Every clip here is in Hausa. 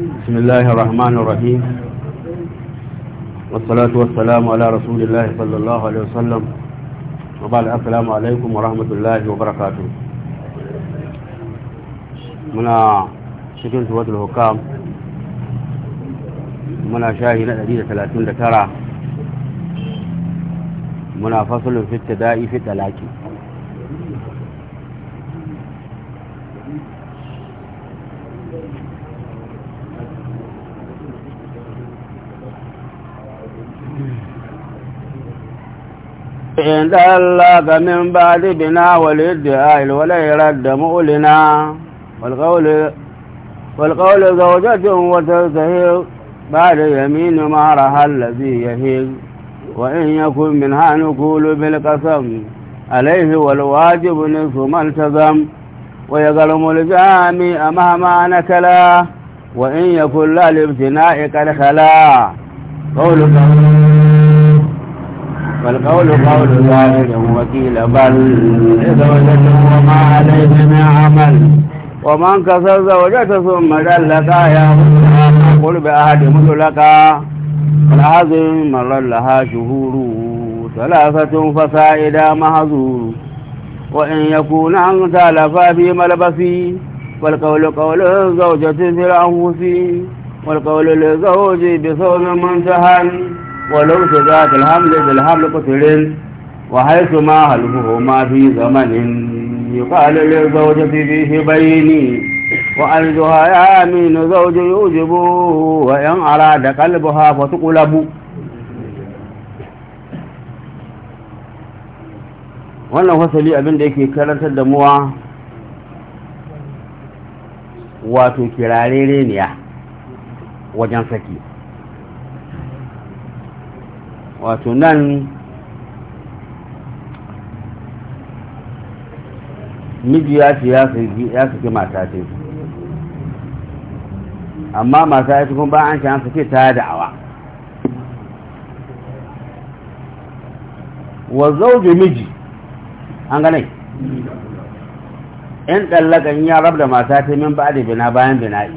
بسم الله الرحمن الرحيم والصلاة والسلام على رسول الله صلى الله عليه وسلم وبعد السلام عليكم ورحمة الله وبركاته منا شكل سوات الحكام منا شاهدنا الأديد ثلاثون دكارة منا فصل في التدائي في التلاكي إن الله من بعد بنا والإدعاء ولا يرد مؤلنا والقول والقول زوجة وتلتهيق بعد يمين مهرها الذي يهيق وإن يكن منها نقول بالقسم عليه والواجب نصف ما التزم ويظلم الجامي مهما نكلا وإن يكن لا لابتناء قد خلا قولك فالقول قول ذلك وكيل بل زوجته وما عليه من عمل ومن كسر زوجته ثم دلقا يا قل بأحد مثلك العظيم مر لها شهور ثلاثة فسائدا مهزور وإن يكون أن تالفا في ملبسي والقول قول زوجة في الأنفس والقول للزوج بصوم منتهى ولو شجاعة الحمل بالحمل قتل وحيث ما ما في زمن يقال للزوجة فيه بيني وأرضها أمين زوج يوجب وإن أراد قلبها فتقلب wannan fasali abin da yake karantar da muwa wato kirare reniya wajen saki wato nan miji ya ce ya suke mata ce amma mata ya cikin ba an ce an suke ta da'awa wa zauje miji an ganai in ɗallakan ya rab da mata ta min ba da bina bayan bina'i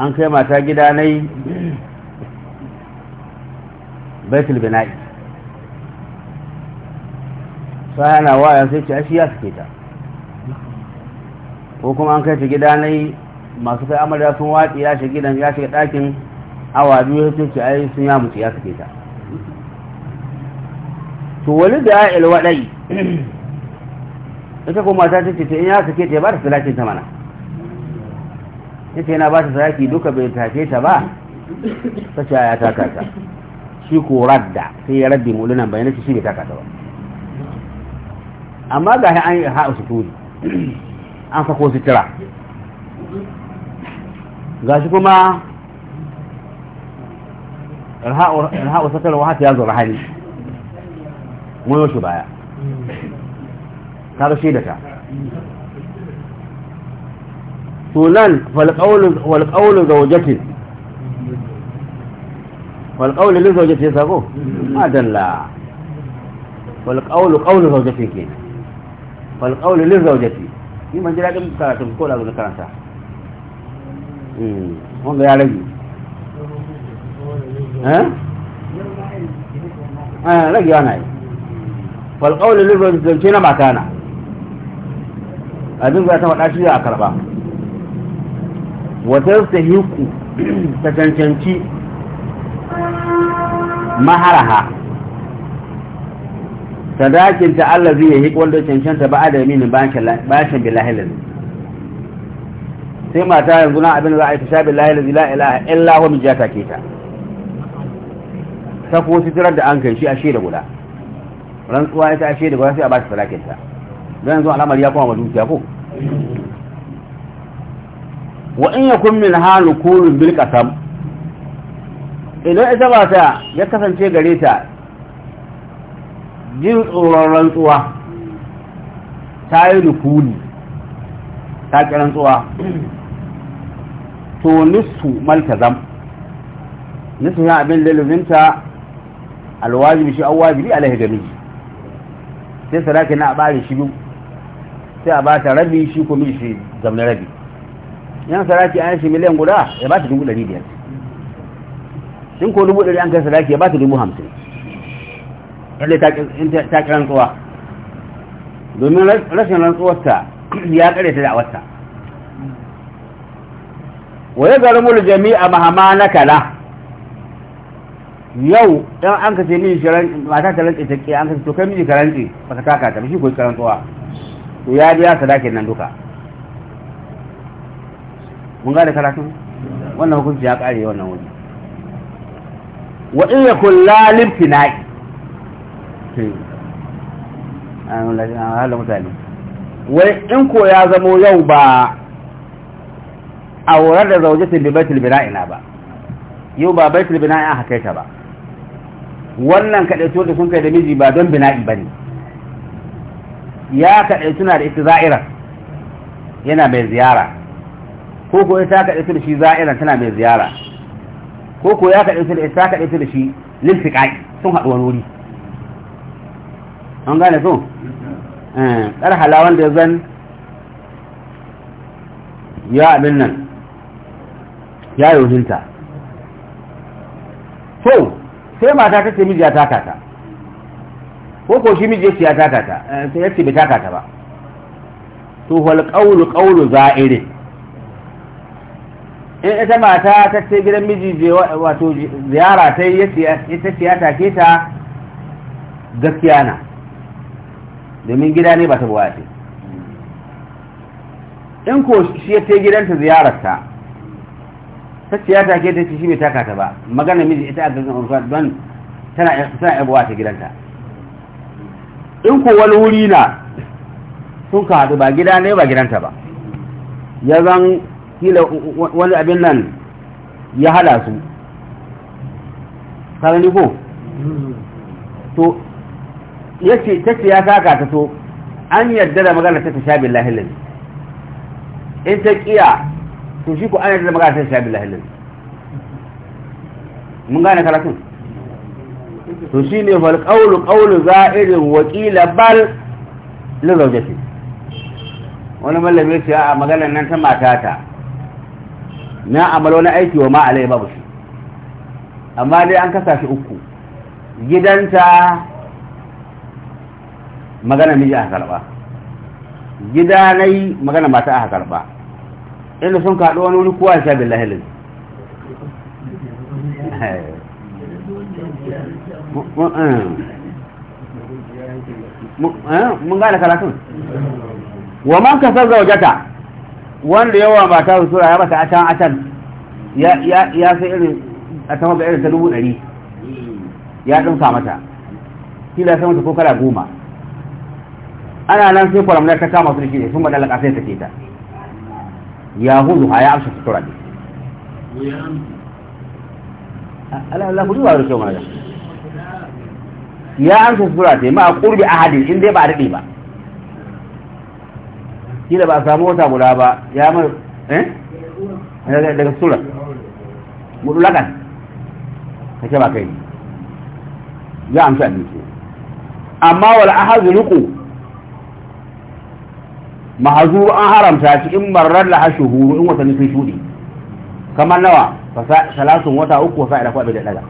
an kai mata gida yi. baitul bina'i sa yana waya sai ce ashiya suke ta ko kuma an kai ta gida masu kai amarya sun watsi ya shiga gidan ya shiga ɗakin awa biyu sai ce ai sun ya mutu ya suke ta to wani da ya ilwaɗai ita kuma ta ce in ya suke ta ba ta salatin ta mana ita yana ba ta salati duka bai tafe ta ba ta ce ya taka ta shi ko radda sai ya raddi mulunan bayanan shi ne ta ba amma ga an yi ha'a su turi an sako sitira ga shi kuma irha'u satara wa hata ya zo rahani mun yoshi baya kaga da ta sunan walƙaunin zaujatin والقول لزوجته ساقو ما دل والقول قول زوجته كينا والقول لزوجته ni man jira din karatu ko da karanta mm wanda ya rage eh ah rage yana yi na matana abin da ta faɗa a karba wa tastahiqu ta cancanci maharaha sadakin ta Allah zai yi wanda cancanta ba da yamin bashin bilahi sai mata yanzu na abin za a yi ta sha bilahi la ilaha illa huwa mijata ke ta ta ko sitirar da an kai shi ashe da guda rantsuwa ita ashe da guda sai a ba shi sadakin ta don yanzu al'amari ya kuma ma ya ko wa in yakun min halu kulun bil qasam idan ita ba ta ya kasance gare ta jin tsoron rantsuwa ta yi rukuni ta ƙi rantsuwa to nisu maltazam nisu ya abin laluminta alwajibi shi awwajiri alaihi da miji sai sadaki na bare shi biyu sai a ba ta rabi shi ko shi zamna rabi yan sadaki an shi miliyan guda ya ba ta dubu ɗari biyar in ko dubu ɗari an kai sadaki ya ba ta dubu hamsin lalle ta ƙi rantsuwa domin rashin rantsuwarta ya ƙare ta da'awarta wa ya zara mulu jami'a mahama na kala yau ɗan an kace ce shirin mata ta rantsi ta ƙi an kace to kai miji ka rantsi ba ka taka ta shi ko ka rantsuwa to ya biya sadakin nan duka mun gane karatu wannan hukunci ya ƙare wannan wuri wa in yakun la limtina'i wai in ko ya zamo yau ba a wurar da zaujatin da baitul bina'ina ba yau ba baitul bina'ina haka ta ba wannan kadaito da sun kai da miji ba don bina'i bane ya kadaitu na da ita za'iran yana mai ziyara ko ko ita kadaitu da shi za'iran tana mai ziyara ko ko ya kaɗe su da isa kaɗe su da shi lil fiqai sun haɗu wani wuri an gane so eh, ɗar halawan da zan ya abin nan ya yohinta so sai mata ta ce miji ya taka ta ko ko shi miji ya ce ya taka ta eh, sai ya ce bai taka ta ba to wal qawlu za'irin in ita mata ta ce gidan miji wato ziyara ta yi ita ce ya take ta gaskiya na domin gida ne ba ta buwa ce in ko shi ya ce gidanta ziyarar ta ce ya take ta ce shi bai taka ta ba magana miji ita a gangan urfa don tana tana buwa ta gidanta in ko wani wuri na sun ka haɗu ba gida ne ba gidanta ba ya zan kila wani abin nan ya hada su sarari ko to ya ce ta ya saka ta so an yarda da magana ta sha lahilin in ta kiya to shi ko an yarda da magana ta sha lahilin mun gane karatun to shi ne fal qawlu za'irin wakila bal li zawjati wani mallam ya ce a maganar nan ta matata na amalo wani aiki wa ma alai babu shi amma dai an kasa shi uku gidanta magana miji aka karba gidanai magana mata aka karba inda sun kaɗo wani wani kuwa sha billahi lil mun gane karatun wa man kasar zaujata wanda yawa ta rusura ya mata a can a can ya sai irin a tafa ga irin ta dubu ɗari ya ɗinka mata kila sai mata ko kala goma ana nan sai kwaramnar ta kama su da shi ne sun maɗa ƙasai ta ke ta ya hudu a ya amsa sutura ne Allah ku ba da kyau ya amsa sutura ce ma a ƙurbi ahadin in dai ba a daɗe ba da ba a samu wata guda ba ya mai eh daga sura ka ce ba kai ya amsa abinci amma wal ahad ruqu mahzur an haramta shi in marar la shuhuru in watanni sun shudi kamar nawa fa wata uku fa ila kwabe da daga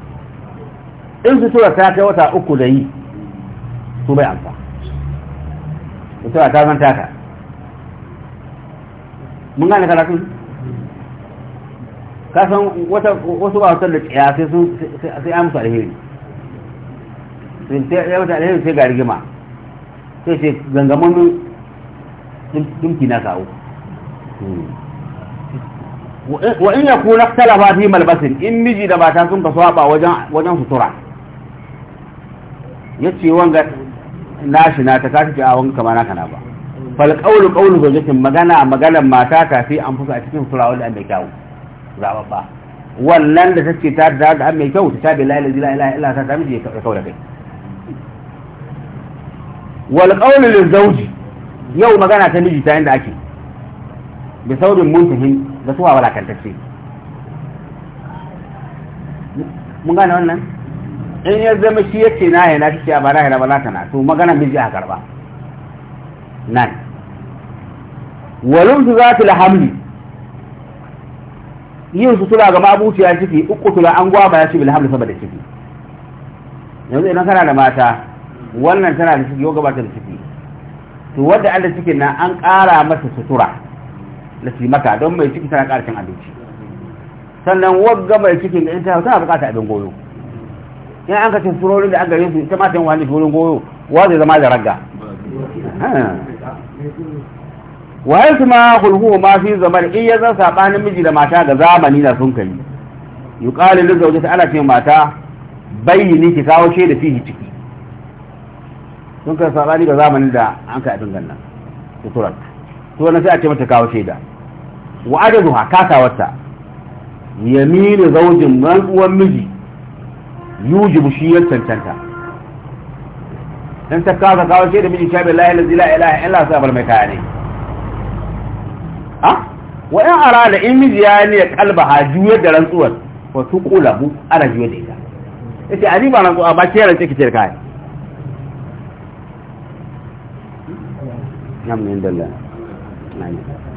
in su tura ta kai wata uku da yi su bai amsa ita ta zanta ka mun gane karatun Ka san wasu ba da tsaya sai sun sai amsa alheri sun sai ya wata alheri sai ga rigima sai sai gangamon dinki na kawo hmm. wa in yaku na talaba fi malbasin in miji da mata sun ka saba wajen sutura ya ce wanga nashi na ta kashi ce a wanga kama na kana ba fal qawlu qawlu zawjatin magana maganar mata ta fi an fusa a cikin sura wanda mai kyau zababba wannan da take ta da da mai kyau ta bi la ilaha illa illa ta miji ya da kai wal qawlu lil zawji yau magana ta miji ta inda ake bi saudin muntahin da suwa walakantacce mun gane wannan in ya zama shi yake na yana shi a bara yana ba na to magana miji a karba nan Walumtu su za ta lahamli yin su tura ga mabuciya ciki uku tula an gwaba ya ce bilhamli saboda ciki yanzu idan kana da mata wannan tana da ciki yau gabata da ciki to wanda an da cikin na an ƙara masa sutura da su maka don mai ciki tana ƙara cin abinci sannan wagga mai cikin da ita tana bukata abin goyo in an ka ce surorin da an gare su ita ma ta yin wani surorin goyo wa zai zama da ragga wa yasma hulhu ma fi zaman in ya zan sabanin miji da mata ga zamani na sun kai yuqalu li zawjati ana ce mata bayyini ki kawo ce da fihi ciki sun kai sabani ga zamani da an kai abin gannan suturar to na sai a ce mata kawo shaida wa ajaduha kasawarta yaminu zawjin rantsuwan miji yujibu shi ya cancanta dan ta kasa kawo da miji sha billahi la ilaha illa Allah sai bar mai kaya ne wa in ara da in miji ya ne kalba ha juyar da rantsuwar wa su kulabu ara juyar da ita yace ani ba rantsuwa ba ke ran take kike kai nam ne dalla nani